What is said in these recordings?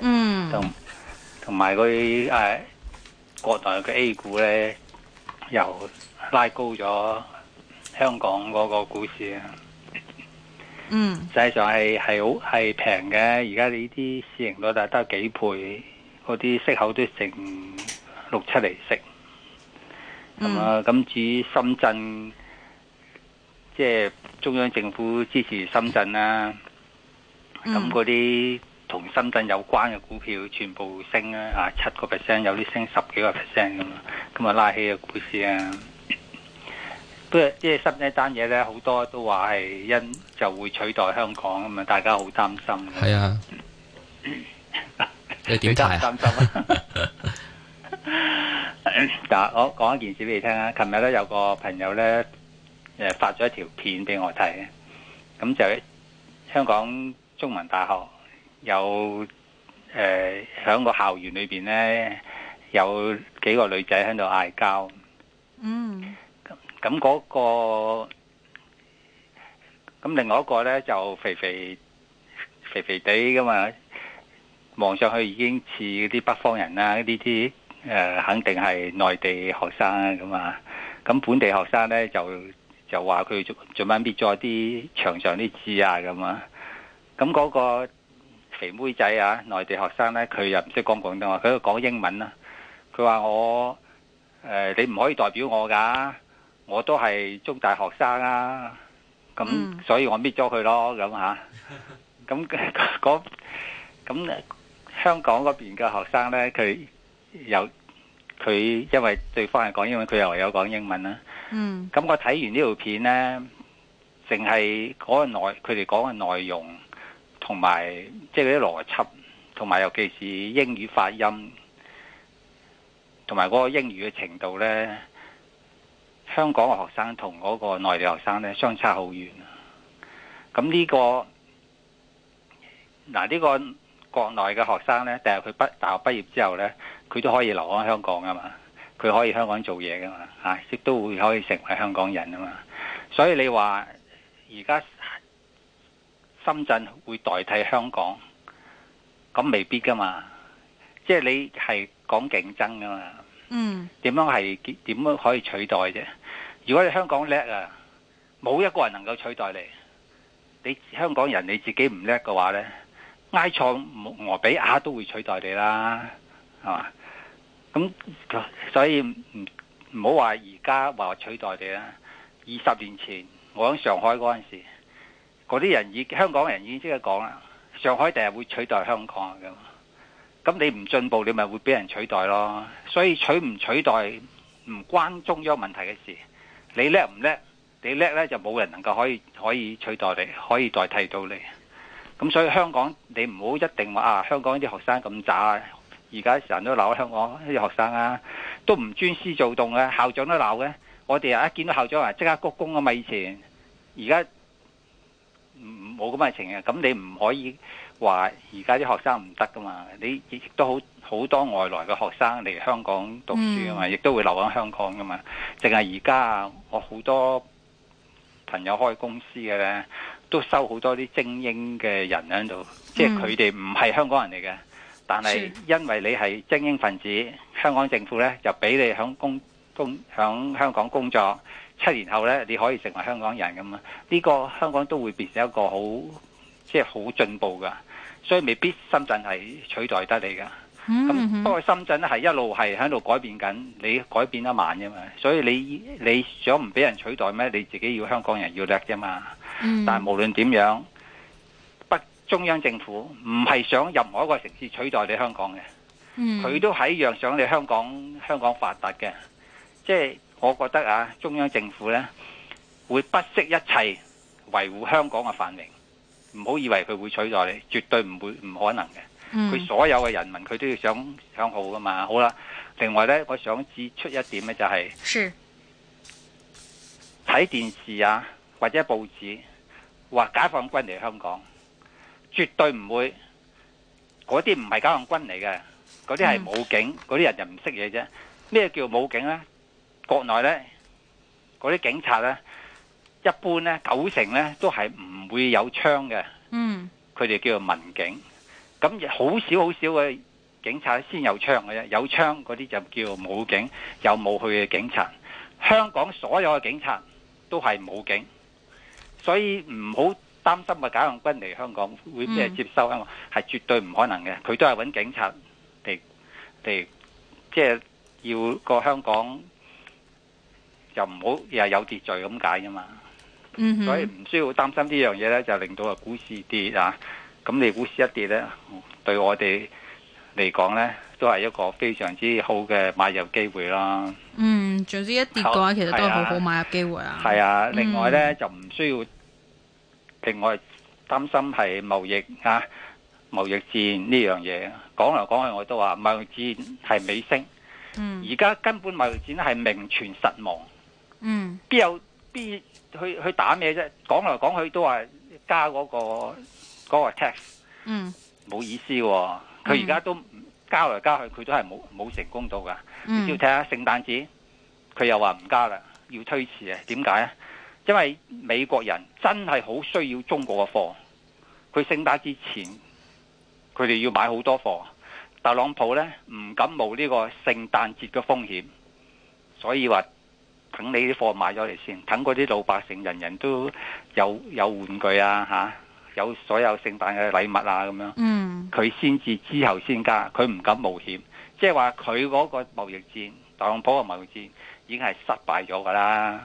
嗯，同同埋嗰啲誒，國內嘅 A 股咧，又拉高咗香港嗰個股市啊。嗯，實際上係係好係平嘅，而家你啲市盈率得得幾倍，嗰啲息口都成六七厘息。嗯。咁啊，咁至於深圳，即係中央政府支持深圳啦，咁嗰啲。同深圳有關嘅股票全部升啦，啊，七個 percent，有啲升十幾個 percent 咁，咁啊拉起個股市啊。不過，即係深圳一單嘢咧，好多都話係因就會取代香港咁啊，大家好擔心。係啊，你點睇啊？擔心啊！但我講一件事俾你聽啊，琴日咧有個朋友咧誒發咗一條片俾我睇，咁就香港中文大學。有誒喺、呃、個校園裏邊咧，有幾個女仔喺度嗌交。嗯，咁嗰、咁個，咁另外一個咧就肥肥肥肥地嘅嘛，望上去已經似啲北方人啦。呢啲誒肯定係內地學生啊嘛，咁啊，咁本地學生咧就就話佢做晚搣咗啲牆上啲字啊，咁啊，咁嗰個。肥妹仔啊，內地學生咧，佢又唔識講廣東話，佢講英文啦。佢話我誒，你唔可以代表我㗎，我都係中大學生啊。咁所以我搣咗佢咯，咁嚇。咁嗰咁咧，香港嗰邊嘅學生咧，佢又，佢因為對方係講英文，佢又唯有講英文啦。嗯。咁我睇完呢條片咧，淨係嗰個內，佢哋講嘅內容。同埋即係嗰啲邏輯同埋尤其是英語發音，同埋嗰個英語嘅程度咧，香港嘅學生同嗰個內地學生咧相差好遠。咁呢個嗱，呢個國內嘅學生咧，但係佢畢大學畢業之後咧，佢都可以留喺香港噶嘛，佢可以香港做嘢噶嘛，嚇、哎、亦都會可以成為香港人啊嘛。所以你話而家。深圳會代替香港，咁未必噶嘛？即係你係講競爭噶嘛？嗯，點樣係點樣可以取代啫？如果你香港叻啊，冇一個人能夠取代你。你香港人你自己唔叻嘅話呢，埃塞俄比亞都會取代你啦，係嘛？咁所以唔好話而家話取代你啦。二十年前我喺上海嗰陣時。嗰啲人已香港人已經即刻講啦，上海第日會取代香港啊咁。咁你唔進步，你咪會俾人取代咯。所以取唔取代唔關中央問題嘅事。你叻唔叻？你叻呢就冇人能夠可以可以取代你，可以代替到你。咁所以香港你唔好一定話啊！香港啲學生咁渣，而家成日都鬧香港啲學生啊，都唔尊師重道嘅，校長都鬧嘅。我哋啊一見到校長啊，即刻鞠躬啊嘛！以前而家。冇咁嘅情形，咁你唔可以話而家啲學生唔得噶嘛？你亦都好好多外來嘅學生嚟香港讀書啊嘛，亦都會留喺香港噶嘛。淨係而家啊，我好多朋友開公司嘅呢，都收好多啲精英嘅人喺度，嗯、即係佢哋唔係香港人嚟嘅，但係因為你係精英分子，香港政府呢，就俾你響工工響香港工作。七年後咧，你可以成為香港人咁嘛。呢、這個香港都會變成一個好，即係好進步噶，所以未必深圳係取代得你噶。咁不過深圳咧係一路係喺度改變緊，你改變得慢啫嘛。所以你你想唔俾人取代咩？你自己要香港人要叻啫嘛。Mm hmm. 但係無論點樣，北中央政府唔係想任何一個城市取代你香港嘅，佢、mm hmm. 都係一樣想你香港香港發達嘅，即係。我覺得啊，中央政府呢會不惜一切維護香港嘅繁榮，唔好以為佢會取代你，絕對唔會，唔可能嘅。佢所有嘅人民佢都要想想好噶嘛。好啦，另外呢，我想指出一點呢，就係睇電視啊，或者報紙話解放軍嚟香港，絕對唔會，嗰啲唔係解放軍嚟嘅，嗰啲係武警，嗰啲人就唔識嘢啫。咩叫武警呢？國內咧，嗰啲警察咧，一般咧九成咧都係唔會有槍嘅。嗯，佢哋叫做民警。咁好少好少嘅警察先有槍嘅啫，有槍嗰啲就叫武警，有武器嘅警察。香港所有嘅警察都係武警，所以唔好擔心啊！解放軍嚟香港會咩接收香港？係絕對唔可能嘅。佢都係搵警察嚟嚟，即係要個香港。就唔好又係有秩序咁解啫嘛，所以唔需要擔心呢樣嘢咧，就令到啊股市跌啊，咁你股市一跌咧，對我哋嚟講咧，都係一個非常之好嘅買入機會啦。嗯，總之一跌嘅話，其實都係好好買入機會啊。係啊，另外咧就唔需要另外擔心係貿易啊貿易戰呢樣嘢。講嚟講去我都話貿易戰係尾聲，而家根本貿易戰係名存實亡。嗯，必有必去去打咩啫？講來講去都話加嗰個嗰個 tax，嗯，冇意思嘅哦。佢而家都加來加去，佢都係冇冇成功到噶。嗯、你只要睇下聖誕節，佢又話唔加啦，要推遲啊？點解？啊？因為美國人真係好需要中國嘅貨。佢聖誕之前，佢哋要買好多貨。特朗普咧唔敢冒呢個聖誕節嘅風險，所以話。等你啲貨買咗嚟先，等嗰啲老百姓人人都有有玩具啊吓、啊，有所有聖誕嘅禮物啊咁樣，佢先至之後先加，佢唔敢冒險，即係話佢嗰個貿易戰，特朗普嘅貿易戰已經係失敗咗㗎喇，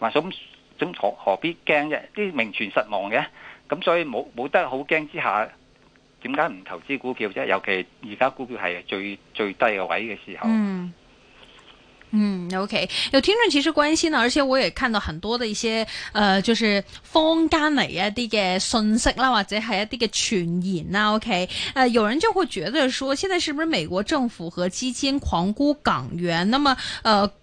話咁咁何何必驚啫？啲名存實亡嘅，咁所以冇冇得好驚之下，點解唔投資股票啫？尤其而家股票係最最低嘅位嘅時候。嗯嗯，OK，有聽眾其實關心呢，而且我也看到很多的一些，呃，就是坊間嚟一啲嘅信息啦，或者係一啲嘅傳言啦，OK，誒、呃，有人就會覺得說，現在是不是美國政府和基金狂沽港元？那麼，誒、呃。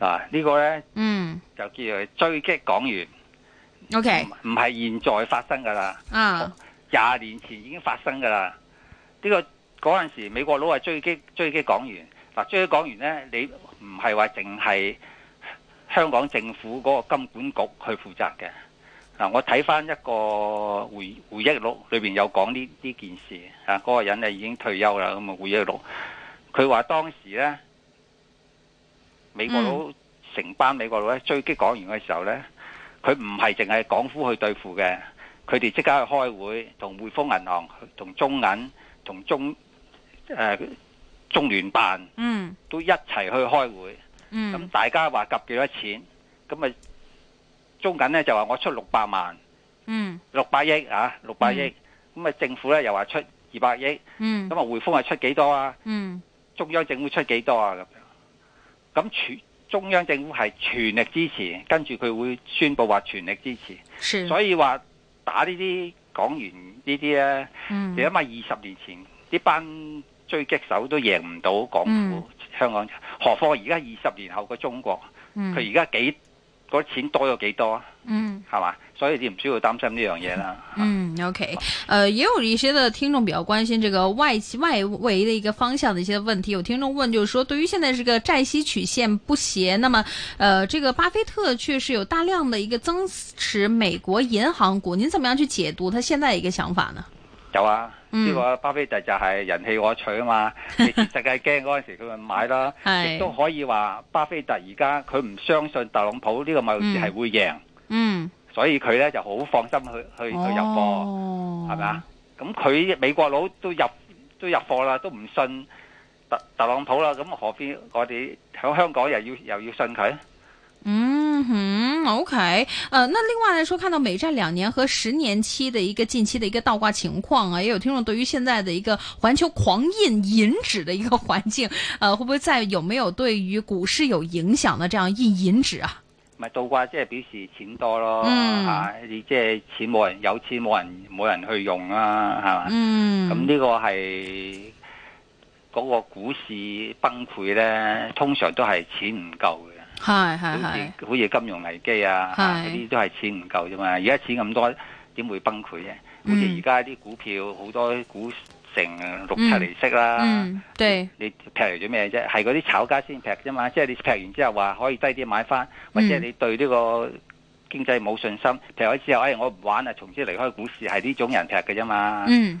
啊！呢個、呢個咧，mm. 就叫做追擊港元。O.K. 唔係現在發生噶啦，廿、uh. 年前已經發生噶啦。呢、呢個嗰陣時，美國佬係追擊追擊港元。嗱、啊，追擊港元呢，你唔係話淨係香港政府嗰個金管局去負責嘅。嗱、啊，我睇翻一個回回憶錄裏邊有講呢呢件事。啊，嗰、嗰個人啊已經退休啦，咁啊回憶錄。佢話當時呢。美國佬成班美國佬咧追擊港元嘅時候咧，佢唔係淨係港府去對付嘅，佢哋即刻去開會，同匯豐銀行、同中銀、同中誒、呃、中聯辦、嗯、都一齊去開會。咁大家話夾幾多錢？咁啊、嗯嗯、中銀咧就話我出六百萬，六百億啊，六百億。咁啊、嗯嗯、政府咧又話出二百億。咁啊匯豐係出幾多啊？嗯、中央政府出幾多啊？咁全中央政府係全力支持，跟住佢會宣布話全力支持，的所以話打呢啲港元呢啲咧，嗯、你諗下二十年前呢班狙擊手都贏唔到港府、嗯、香港，何況而家二十年後嘅中國，佢而家幾？嗰啲錢多咗幾多？嗯，係嘛？所以你唔需要擔心呢樣嘢啦。嗯、啊、嗯，OK，呃，也有一些的聽眾比較關心這個外外圍的一個方向的一些問題。有聽眾問，就是說，對於現在這個債息曲線不斜，那麼，呃，這個巴菲特確實有大量的一個增持美國銀行股，您怎麼樣去解讀他現在一個想法呢？有啊，呢、嗯、個巴菲特就係人棄我取啊嘛，你 實際驚嗰陣時佢咪買咯，亦都是可以話巴菲特而家佢唔相信特朗普呢個貿易戰係會贏，嗯，嗯，所以佢咧就好放心去去去入貨，係咪啊？咁佢美國佬都入都入貨啦，都唔信特特朗普啦，咁何必我哋喺香港又要又要信佢？嗯。嗯，OK，誒、呃，那另外來說，看到美債兩年和十年期的一個近期的一個倒掛情況啊，也有聽眾對於現在的一個環球狂印銀紙的一個環境，誒、呃，會不會再有沒有對於股市有影響的這樣印銀紙啊？咪倒掛即係表示錢多咯，吓、嗯啊，你即係錢冇人有錢人，錢冇人冇人去用啦、啊，係嘛？咁呢、嗯、個係嗰、那個股市崩潰呢，通常都係錢唔夠嘅。系系系，好似金融危機啊，嗰啲係、啊、都係錢唔夠啫嘛。而家錢咁多，點會崩潰啫？好似而家啲股票好多股成六七厘息啦，嗯嗯、對，你，你劈嚟做咩啫？係嗰啲炒家先劈啫嘛。即係你劈完之後話可以低啲買翻，或者你對呢個經濟冇信心，劈咗之後，哎，我唔玩啊，從此離開股市，係呢種人劈嘅啫嘛。嗯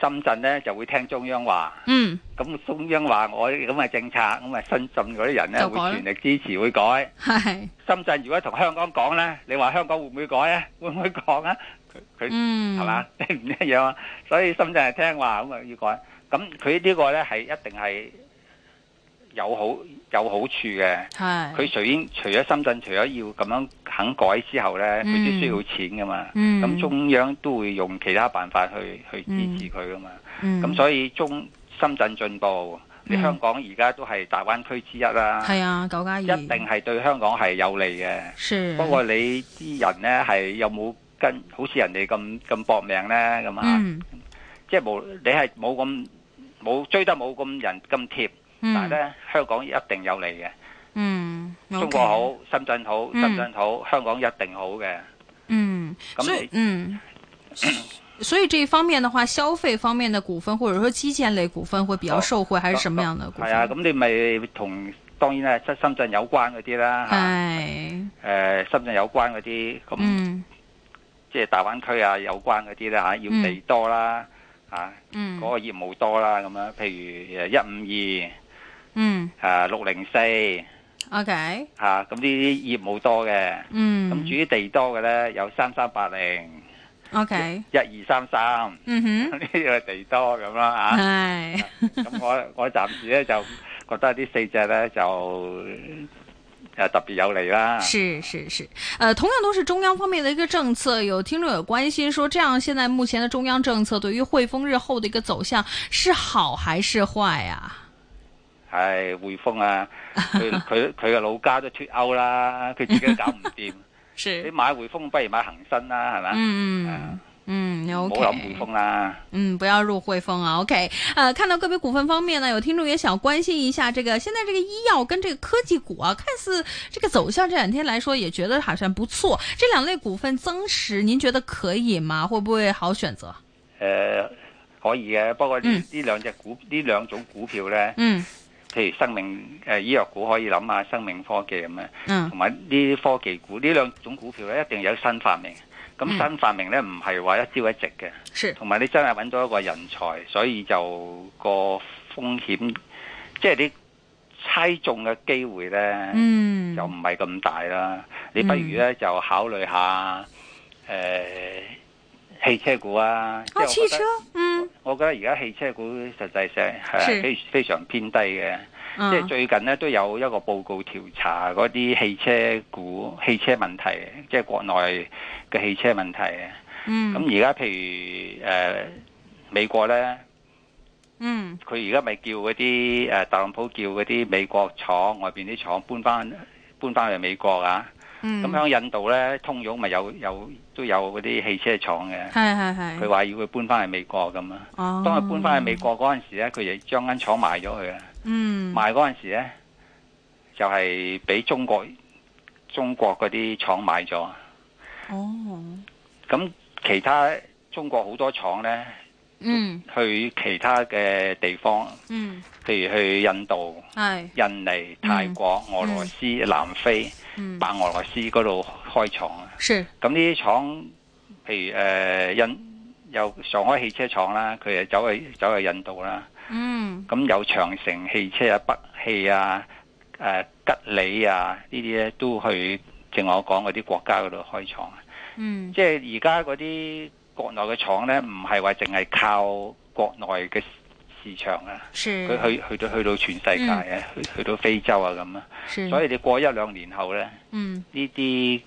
深圳咧就會聽中央話，嗯，咁中央話我咁嘅政策，咁咪深圳嗰啲人咧會全力支持會改，係是。深圳如果同香港講咧，你話香港會唔會改啊？會唔會講啊？佢佢嗯係嘛？你唔一樣啊！所以是吧 深圳係聽話，咁啊要改。咁佢呢個咧係一定係。有好有好處嘅，佢的除應除咗深圳除咗要咁樣肯改之後咧，佢、mm, 都需要錢噶嘛。咁、mm, 中央都會用其他辦法去去支持佢噶嘛。咁、mm, 嗯、所以中深圳進步，你香港而家都係大灣區之一啦。係啊，九加二一定係對香港係有利嘅。不過、yeah, 的你啲人咧係有冇跟好似人哋咁咁搏命咧咁啊？即係無你係冇咁冇追得冇咁人咁貼。但係咧，香港一定有利嘅。嗯，中國好，Okay. 深圳好，深圳好，香港一定好嘅、嗯你。嗯，咁嗯， 所以呢方面嘅話，消費方面的股份，或者說基建類股份會比較受惠，好還是什麼樣的股份？係啊，咁你咪同，當然咧，即深圳有關嗰啲啦，吓、嗯。係、嗯。誒、嗯，深圳有關嗰啲咁，即係大灣區啊，有關嗰啲咧吓，要地多啦，吓，嗰個業務多啦，咁樣，譬如誒一五二。嗯，誒，六零四，OK，吓，咁呢啲業務多嘅，嗯，咁至於地多嘅咧，有三三八零，OK，一二三三，嗯哼，呢個 地多咁啦，吓、啊，係、 啊，咁我我暫時咧就覺得四呢四隻咧就誒特別有利啦。是是是，誒、呃，同樣都是中央方面的一個政策，有聽眾有關心，說這樣現在目前的中央政策對於匯豐日後的一個走向是好還是壞啊？係匯豐啊，佢佢佢嘅老家都脱歐啦，佢自己都搞唔掂。 是，你買匯豐不如買恒生啦、啊，係咪？嗯嗯，唔好諗匯豐啦。嗯, okay 啊、嗯，不要入匯豐啊，OK。誒、呃，看到個別股份方面呢，有聽眾也想關心一下，這個現在這個醫藥跟這個科技股啊，看似這個走向這兩天來說，也覺得還算不錯。這兩類股份增持，您覺得可以嗎？會不會好選擇？誒、呃，可以嘅，不過呢呢兩隻股呢兩、嗯、種股票呢。嗯。譬如生命誒、呃、醫藥股可以諗下生命科技咁樣，同埋呢啲科技股呢兩種股票咧，一定有新發明。咁、嗯、新發明咧唔係話一朝一夕嘅，同埋是你真係揾到一個人才，所以就個風險，即係你猜中嘅機會咧，嗯、就唔係咁大啦。嗯、你不如咧就考慮下誒、嗯嗯、汽車股啊，汽車。啊我覺得而家汽車股實際上係非非常偏低嘅，即係、嗯、最近咧都有一個報告調查嗰啲汽車股、汽車問題，即、就、係、是、國內嘅汽車問題。咁而家譬如誒美國咧，嗯，佢而家咪叫嗰啲誒特朗普叫嗰啲美國廠、外邊啲廠搬翻、搬翻去美國啊！咁喺印度咧，通用咪有有都有嗰啲汽車廠嘅。係係係。佢話要佢搬翻去美國咁啊。哦。當佢搬翻去美國嗰陣時咧，佢就將間廠賣咗佢啊。嗯。賣嗰陣時咧，就係俾中國中國嗰啲廠買咗。哦。咁其他中國好多廠咧。嗯。去其他嘅地方。嗯。譬如去印度、印尼、泰國、俄羅斯、南非。白、嗯、俄羅斯嗰度開廠啊，咁呢啲廠，譬如、呃、印有上海汽車廠啦，佢又走去走去印度啦，咁、嗯、有長城汽車啊、北汽啊、呃、吉利啊呢啲咧都去淨我講嗰啲國家嗰度開廠啊，嗯、即係而家嗰啲國內嘅廠呢，唔係話淨係靠國內嘅。市場啊，佢是去去到去到全世界啊，嗯、去,去到非洲啊咁啊，是所以你過一兩年後呢，呢啲、嗯、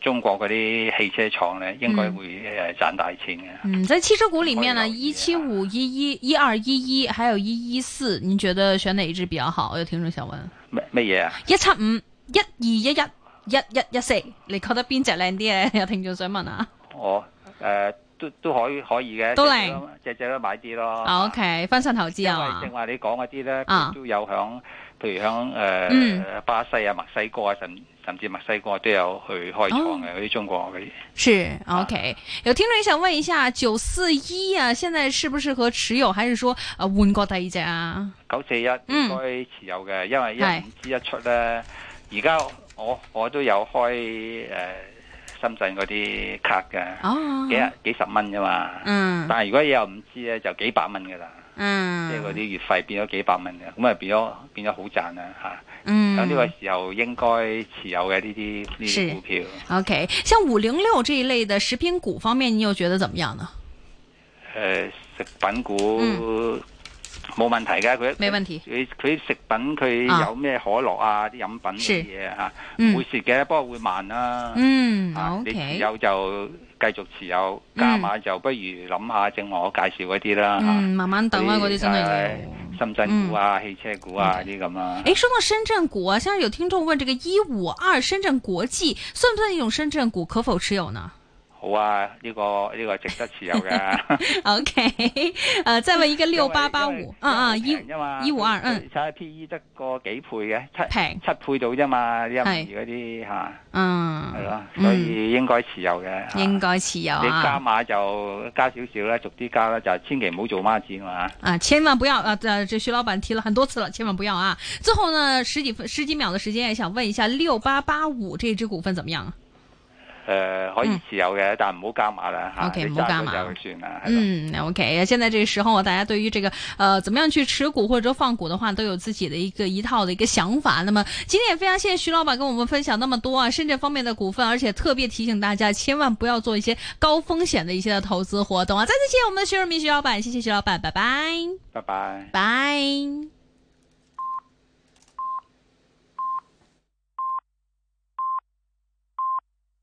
中國嗰啲汽車廠呢，應該會誒賺大錢嘅、啊。嗯，喺汽車股裏面呢，一七五一一一二一一，還有一一四，你覺得選哪一支比較好？有聽眾想問咩咩嘢啊？一七五一二一一一一一四，你覺得邊隻靚啲啊？ 有聽眾想問啊？我、呃都都可以可以嘅，只隻美都，都買啲咯。OK，分散投資啊。正話你講嗰啲咧，都有響，譬如響誒、呃嗯、巴西啊、墨西哥啊，甚至甚至墨西哥都有去開廠嘅嗰啲中國嗰啲。是、啊、OK，有聽眾想問一下九四一啊，現在適唔適合持有，還是說啊換過第二隻啊？九四一應該持有嘅，嗯、因為一五之一出咧，而家是我我都有開誒。呃呃深圳嗰啲卡噶、哦，幾啊幾十蚊啫嘛，嗯、但係如果有唔知咧，就幾百蚊噶啦，嗯、即係嗰啲月費變咗幾百蚊嘅，咁啊變咗變咗好賺啦嚇。咁呢、嗯啊、個時候應該持有嘅呢啲股票。OK，像五零六這一類嘅食品股方面，你又覺得點樣呢？誒、呃，食品股，嗯冇問題嘅，佢冇問題。佢佢食品佢有咩可樂啊，啲飲品啲嘢吓，唔會蝕嘅，不過會慢啦。嗯，有就繼續持有，加碼就不如諗下正我介紹嗰啲啦。慢慢等啦。嗰啲真係深圳股啊，汽車股啊啲咁啊。誒，說到深圳股，現在有聽眾問，這個一五二深圳國際算唔算一種深圳股？可否持有呢？好啊，呢、這個呢、這個值得持有嘅。 OK，呃，再問一個六八八五，嗯嗯，一五二，嗯，P E 得個幾倍嘅，平七倍到啫嘛，一、五二嗰啲吓，嗯，係咯，所以應該持有嘅，應該持有啊。你加碼就加少少啦，逐啲加啦，就千祈唔好做孖展啊。啊，千萬不要啊！啊，這徐老板提了很多次了，千萬不要啊！最後呢十幾分十幾秒嘅時間，想問一下六八八五這支股份怎麼樣？誒、呃，可以持有嘅，嗯、但係唔好加碼 OK 吓，好加住就算啦。炸水炸水炸水了嗯的，OK，現在這個時候大家對於這個誒、呃，怎麼樣去持股或者放股的話，都有自己的一個一套的一個想法。那麼今天也非常謝謝徐老闆跟我們分享那麼多啊，深圳方面的股份，而且特別提醒大家千萬不要做一些高風險的一些的投資活動啊！嗯、再次謝謝我們的徐潤民徐老闆，謝謝徐老闆，拜拜，拜拜，拜。Bye.